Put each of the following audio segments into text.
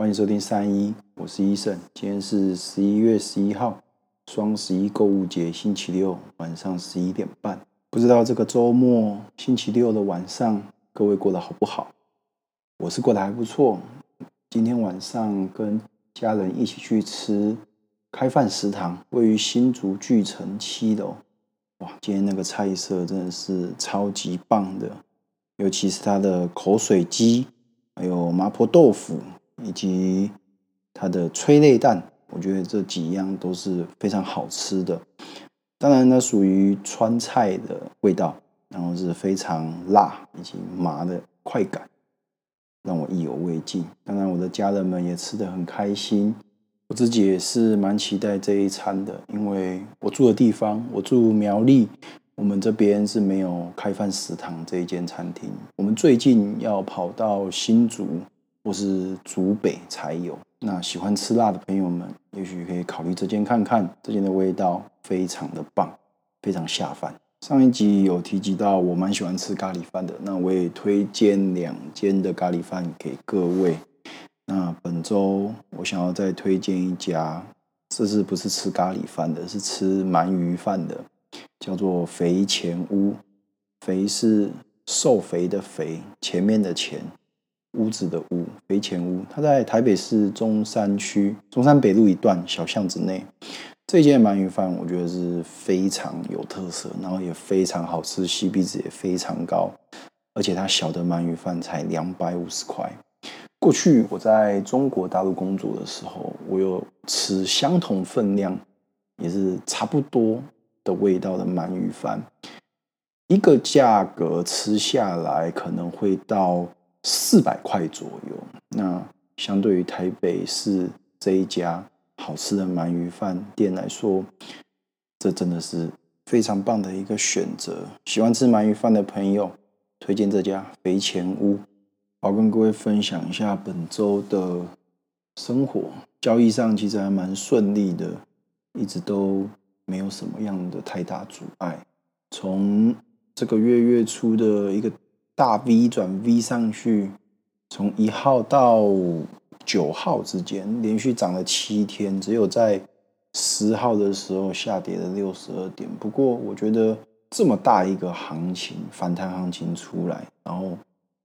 歡迎收聽三一，我是 Eason。今天是十一月十一號，雙十一購物節，星期六晚上十一點半。不知道這個周末星期六的晚上，各位過得好不好？我是過得還不錯。今天晚上跟家人一起去吃開飯食堂，位於新竹巨城七樓。哇，今天那個菜色真的是超級棒的，尤其是它的口水雞，還有麻婆豆腐。以及它的催淚蛋，我覺得這幾樣都是非常好吃的。當然，它屬於川菜的味道，然後是非常辣以及麻的快感，讓我意猶未盡。當然，我的家人們也吃得很開心，我自己也是蠻期待這一餐的，因為我住的地方，我住苗栗，我們這邊是沒有開飯食堂這一間餐廳。我們最近要跑到新竹，或是竹北才有。那喜歡吃辣的朋友們，也許可以考慮這間看看，這間的味道非常的棒，非常下飯。上一集有提及到，我蠻喜歡吃咖喱飯的，那我也推薦兩間的咖喱飯給各位。那本周我想要再推薦一家，這是不是吃咖喱飯的，是吃鰻魚飯的，叫做肥前屋。肥是瘦肥的肥，前面的前。屋子的屋，肥前屋，它在台北市中山區中山北路一段小巷子內。這一間鰻魚飯我覺得是非常有特色，然後也非常好吃，CP 值也非常高，而且它小的鰻魚飯才兩百五十塊。過去我在中國大陸工作的時候，我有吃相同分量也是差不多的味道的鰻魚飯，一個價格吃下來可能會到。四百塊左右，那相對於台北市這一家好吃的鰻魚飯店來說，這真的是非常棒的一個選擇。喜歡吃鰻魚飯的朋友，推薦這家肥前屋。好，跟各位分享一下本週的生活，交易上其實還蠻順利的，一直都沒有什麼樣的太大阻礙。從這個月月初的一個。大 V 轉 V 上去，從一號到九號之間連續漲了七天，只有在十號的時候下跌了六十二點。不過我覺得這麼大一個行情反彈行情出來，然後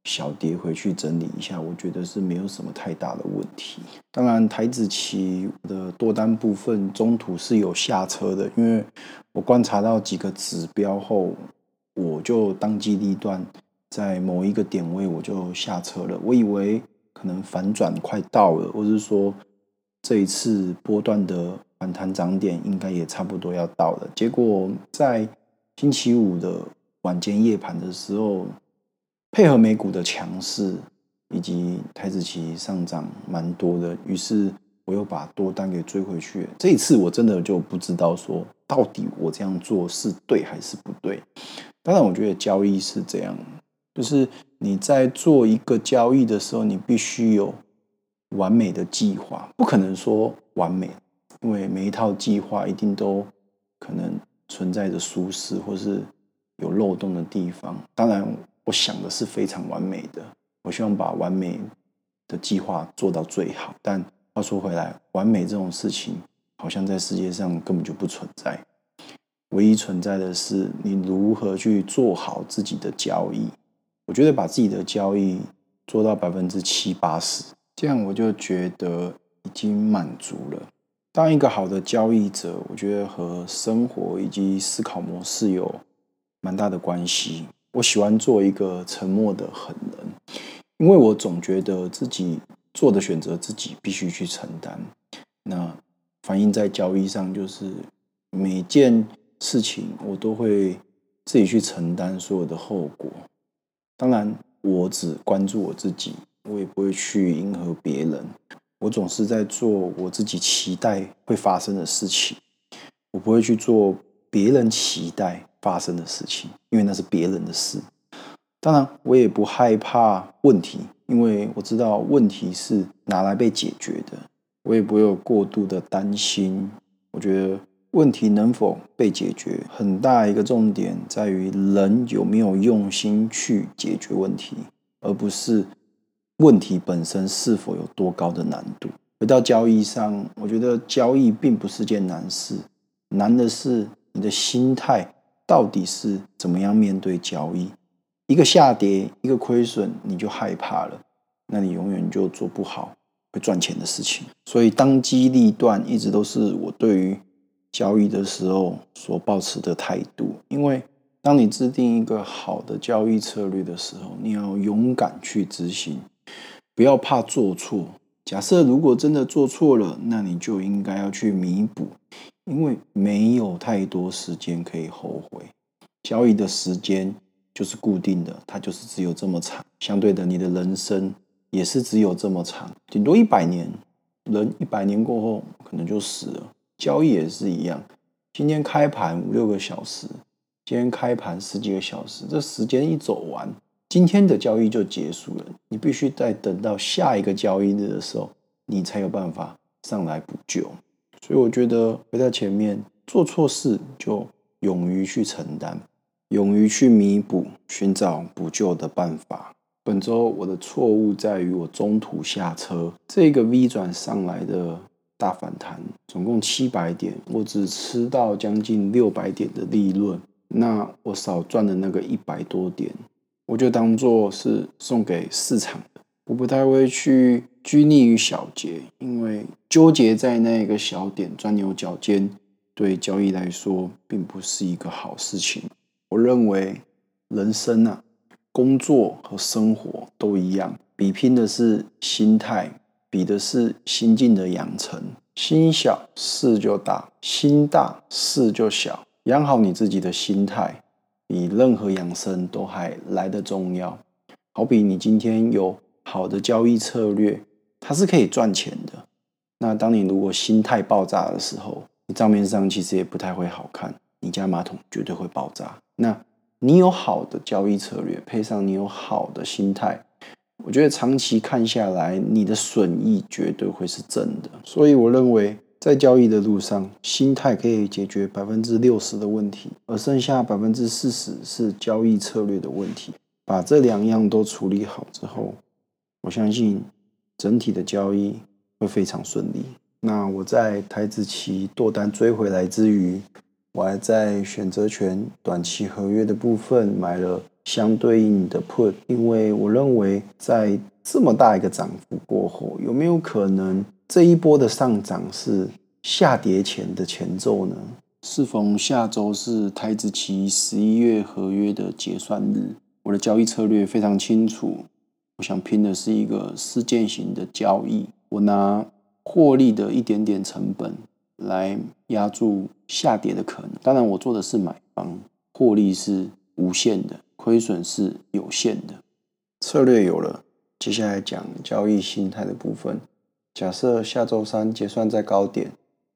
小跌回去整理一下，我覺得是沒有什麼太大的問題。當然，台子期的多單部分中途是有下車的，因為我觀察到幾個指標後，我就當機立斷。在某一個點位，我就下車了。我以為可能反轉快到了，或是說這一次波段的反彈漲點應該也差不多要到了。結果在星期五的晚間夜盤的時候，配合美股的強勢以及台指期上漲蠻多的，於是我又把多單給追回去。這一次我真的就不知道說到底我這樣做是對還是不對。當然，我覺得交易是這樣。就是你在做一個交易的時候，你必須有完美的計劃，不可能說完美，因為每一套計劃一定都可能存在着疏失或是有漏洞的地方。當然，我想的是非常完美的，我希望把完美的計劃做到最好。但話說回來，完美這種事情好像在世界上根本就不存在，唯一存在的是你如何去做好自己的交易。我覺得把自己的交易做到百分之七八十，這樣我就覺得已經滿足了。當一個好的交易者，我覺得和生活以及思考模式有蠻大的關係。我喜歡做一個沉默的狠人，因為我總覺得自己做的選擇自己必須去承擔。那反映在交易上，就是每件事情我都會自己去承擔所有的後果。當然，我只關注我自己，我也不會去迎合別人。我總是在做我自己期待會發生的事情，我不會去做別人期待發生的事情，因為那是別人的事。當然，我也不害怕問題，因為我知道問題是拿來被解決的。我也不會有過度的擔心。我覺得。問題能否被解決，很大一個重點在於人有沒有用心去解決問題，而不是問題本身是否有多高的難度。回到交易上，我覺得交易並不是件難事，難的是你的心態到底是怎麼樣面對交易。一個下跌，一個虧損，你就害怕了，那你永遠就做不好會賺錢的事情。所以，當機立斷一直都是我對於。交易的時候所保持的態度，因為當你制定一個好的交易策略的時候，你要勇敢去執行，不要怕做錯。假設如果真的做錯了，那你就應該要去彌補，因為沒有太多時間可以後悔。交易的時間就是固定的，它就是只有這麼長。相對的，你的人生也是只有這麼長，頂多一百年。人一百年過後，可能就死了。交易也是一樣，今天開盤五六個小時，今天開盤十幾個小時，這時間一走完，今天的交易就結束了。你必須再等到下一個交易日的時候，你才有辦法上來補救。所以我覺得回到前面，做錯事就勇於去承擔，勇於去彌補，尋找補救的辦法。本周我的錯誤在於我中途下車，這個 V 轉上來的。大反彈，總共七百點，我只吃到將近六百點的利潤，那我少賺了那個一百多點，我就當做是送給市場的。我不太會去拘泥於小節，因為糾結在那個小點鑽牛角尖，對交易來說並不是一個好事情。我認為，人生啊，工作和生活都一樣，比拼的是心態。比的是心境的養成，心小事就大，心大事就小。養好你自己的心態，比任何養生都還來得重要。好比你今天有好的交易策略，它是可以賺錢的。那當你如果心態爆炸的時候，你賬面上其實也不太會好看，你家馬桶絕對會爆炸。那你有好的交易策略，配上你有好的心態。我覺得長期看下來，你的損益絕對會是正的。所以我認為，在交易的路上，心態可以解決百分之六十的問題，而剩下百分之四十是交易策略的問題。把這兩樣都處理好之後，我相信整體的交易會非常順利。那我在台指期多單追回來之餘，我還在選擇權短期合約的部分買了相對應的 put，因為我認為在這麼大一個漲幅過後，有沒有可能這一波的上漲是下跌前的前奏呢？適逢下周是台指期十一月合約的結算日，我的交易策略非常清楚，我想拼的是一個事件型的交易，我拿獲利的一點點成本來壓住下跌的可能。當然，我做的是買方，獲利是無限的。虧損是有限的，策略有了，接下來講交易心態的部分。假設下周三結算在高點，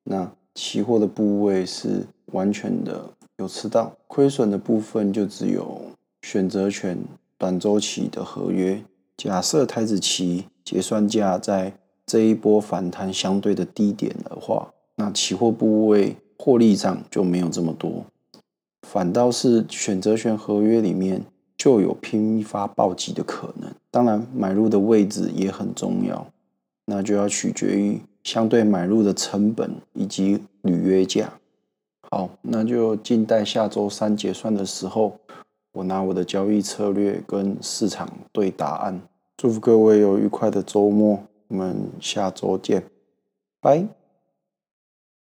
那期貨的部位是完全的有吃到，虧損的部分就只有選擇權短周期的合約。假設台指期結算價在這一波反彈相對的低點的話，那期貨部位獲利上就沒有這麼多。反倒是選擇權合約裡面就有拼發暴擊的可能，當然買入的位置也很重要，那就要取決於相對買入的成本以及履約價。好，那就靜待下周三結算的時候，我拿我的交易策略跟市場對答案。祝福各位有愉快的週末，我們下週見，拜。